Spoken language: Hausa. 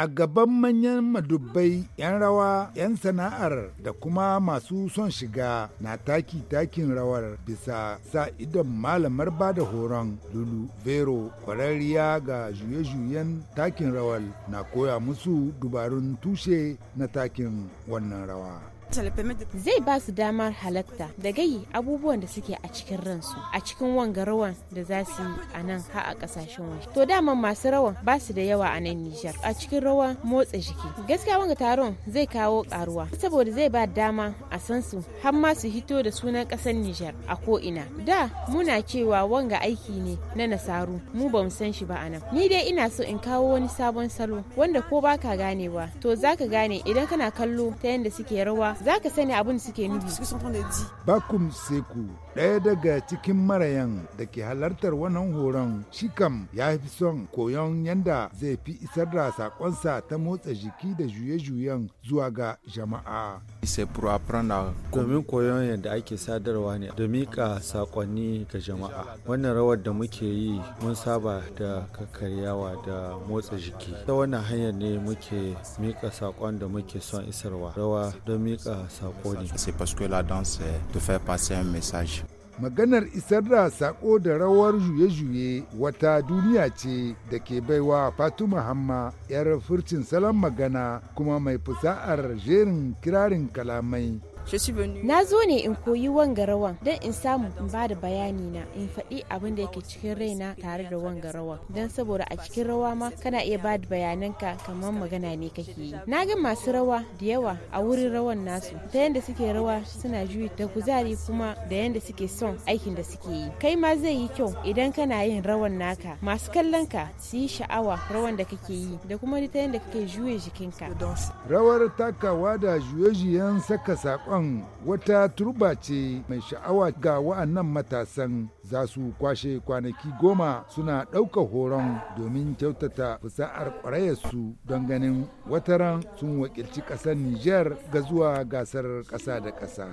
a gaban manyan madubbai 'yan rawa 'yan sana'ar da kuma masu son shiga na taki takin rawar bisa sa idon malamar bada horon lulu vero kwararriya ga juye-juyen takin rawar na koya musu dubarun tushe na takin wannan rawa zai ba su damar halatta da gayi abubuwan da suke a cikin ransu a cikin wanga rawan da za su yi a nan ha a kasashen waje to daman masu rawan ba su da yawa a nan Nijar a cikin rawan motsa jiki gaskiya wanga taron zai kawo karuwa saboda zai ba dama a san su har ma su hito da sunan kasar Nijar a ko ina da muna cewa wanga aiki ne na nasaru mu ba mu san shi ba a nan ni dai ina so in kawo wani sabon salo wanda ko baka ganewa to zaka gane idan kana kallo ta yadda suke rawa za ka sani abin da suke nufi. Bakum Seku ɗaya daga cikin marayan da ke halartar wannan horon shi kam ya fi son koyon yanda zai fi isar da sakonsa ta motsa jiki da juye-juyen zuwa ga jama'a. Domin koyon yadda ake sadarwa ne da miƙa sakonni ga jama'a. Wannan rawar da muke yi mun saba da kakaryawa da motsa jiki. Ta wannan hanyar ne muke miƙa sakon da muke son isarwa. Rawa don miƙa ne. C'est parce que la danse de faire passer un message. maganar isar da sako da rawar juye-juye wata duniya ce da ke baiwa fatuma hamma yar furcin salon magana kuma mai fusa'ar jerin kirarin kalamai Na zo ne in koyi wangarawan don in samu in ba da bayani na in faɗi abin da yake cikin raina tare da wangarawan don saboda a cikin rawa ma kana iya ba da bayananka kamar magana ne kake yi. Na ga masu rawa da yawa a wurin rawan nasu ta yadda suke rawa suna juyi da kuzari kuma da yadda suke son aikin da suke yi. Kai ma zai yi kyau idan kana yin rawan naka masu kallon ka su yi sha'awa rawan da kake yi da kuma ta yadda kake juye jikinka. Rawar takawa da juye-juyen saka saƙo zaben wata turba ce mai sha'awa ga wa'annan matasan za su kwashe kwanaki goma suna ɗaukar horon domin kyautata fusa'ar su don ganin wataran sun wakilci ƙasar Nijar ga zuwa gasar ƙasa da ƙasa.